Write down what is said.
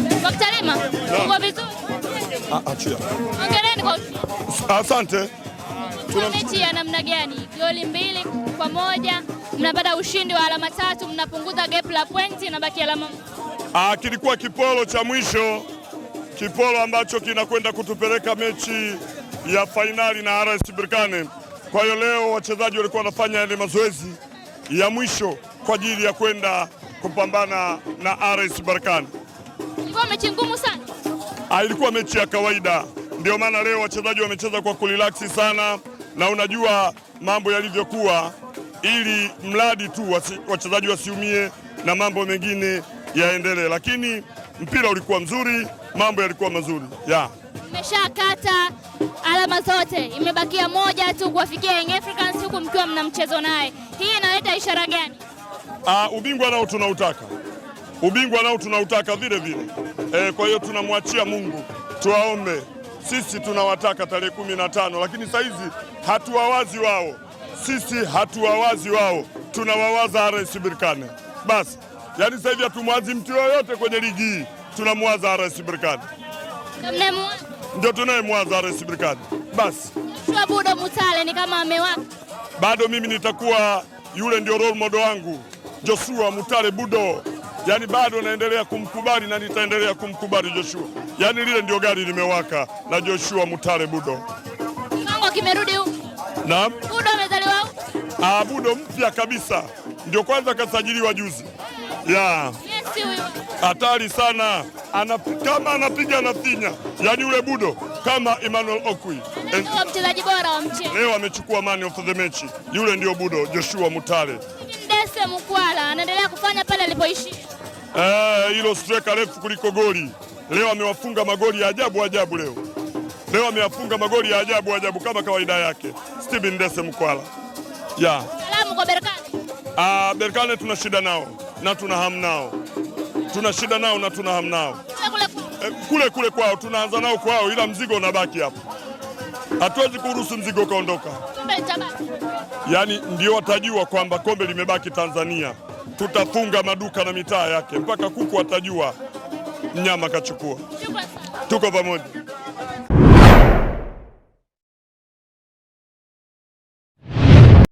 Kwa uko vizuri? Ah, ah, Asante. Tuna mechi ya namna gani? Goli mbili kwa moja, mnapata ushindi wa alama tatu, mnapunguza gap la pointi na baki alama. Ah, kilikuwa kipolo cha mwisho, kipolo ambacho kinakwenda kutupeleka mechi ya fainali na RS Berkane. Kwa hiyo leo wachezaji walikuwa wanafanya yale mazoezi ya mwisho kwa ajili ya kwenda kupambana na RS Berkane. Ilikuwa mechi ngumu sana. Ah, ilikuwa mechi ya kawaida, ndio maana leo wachezaji wamecheza kwa kurilaksi sana, na unajua mambo yalivyokuwa, ili mradi tu wachezaji wasiumie na mambo mengine yaendelee, lakini mpira ulikuwa mzuri, mambo yalikuwa mazuri yeah. Mmeshakata alama zote, imebakia moja tu kuwafikia Young Africans, huku mkiwa mna mchezo naye, hii inaleta ishara gani? Ah, ubingwa nao tunautaka ubingwa nao tunautaka vile vile. E, kwa hiyo tunamwachia Mungu, tuwaombe sisi tunawataka tarehe kumi na tano, lakini saizi hatuwawazi wao, sisi hatuwawazi wao, tunawawaza RS Berkane basi. Yani sasa hivi hatumwazi mtu yoyote kwenye ligi hii, tunamwaza RS Berkane, ndio tunayemwaza RS Berkane basi. Budo Mutale ni kama amewaka bado, mimi nitakuwa yule ndio role model wangu Joshua Mutale Budo yani bado naendelea kumkubali na nitaendelea kumkubali Joshua, yani lile ndio gari limewaka la Joshua mutare Budo. Kiwango kimerudi huko. Naam. Budo amezaliwa huko. Ah, Budo mpya kabisa, ndio kwanza kasajiliwa juzi ya hatari sana anap, kama anapiga na finya, yani yule Budo kama Emmanuel Okwi eh. mchezaji bora wa mchezo leo amechukua man of the match. Yule ndio Budo Joshua mutare Bless Mkwala anaendelea kufanya pale alipoishia. Eh, hilo striker refu kuliko goli. Leo amewafunga magoli ya ajabu ajabu leo. Leo amewafunga magoli ya ajabu ajabu kama kawaida yake. Steven Dese Mkwala. Ya. Salamu kwa Berkane. Ah, Berkane tuna shida nao na tuna hamu nao. Tuna shida nao na tuna hamu nao. Kule kule eh, kwao tunaanza nao kwao ila mzigo unabaki hapo hatuwezi kuruhusu mzigo ukaondoka. Yaani ndio watajua kwamba kombe limebaki Tanzania. Tutafunga maduka na mitaa yake mpaka kuku watajua mnyama kachukua. Tuko pamoja.